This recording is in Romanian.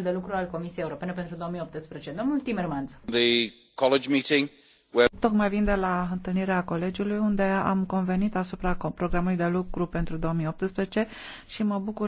de lucru al Comisiei Europene pentru 2018. Domnul Timmermans. The college meeting where... Tocmai vin de la întâlnirea colegiului unde am convenit asupra programului de lucru pentru 2018 și mă bucur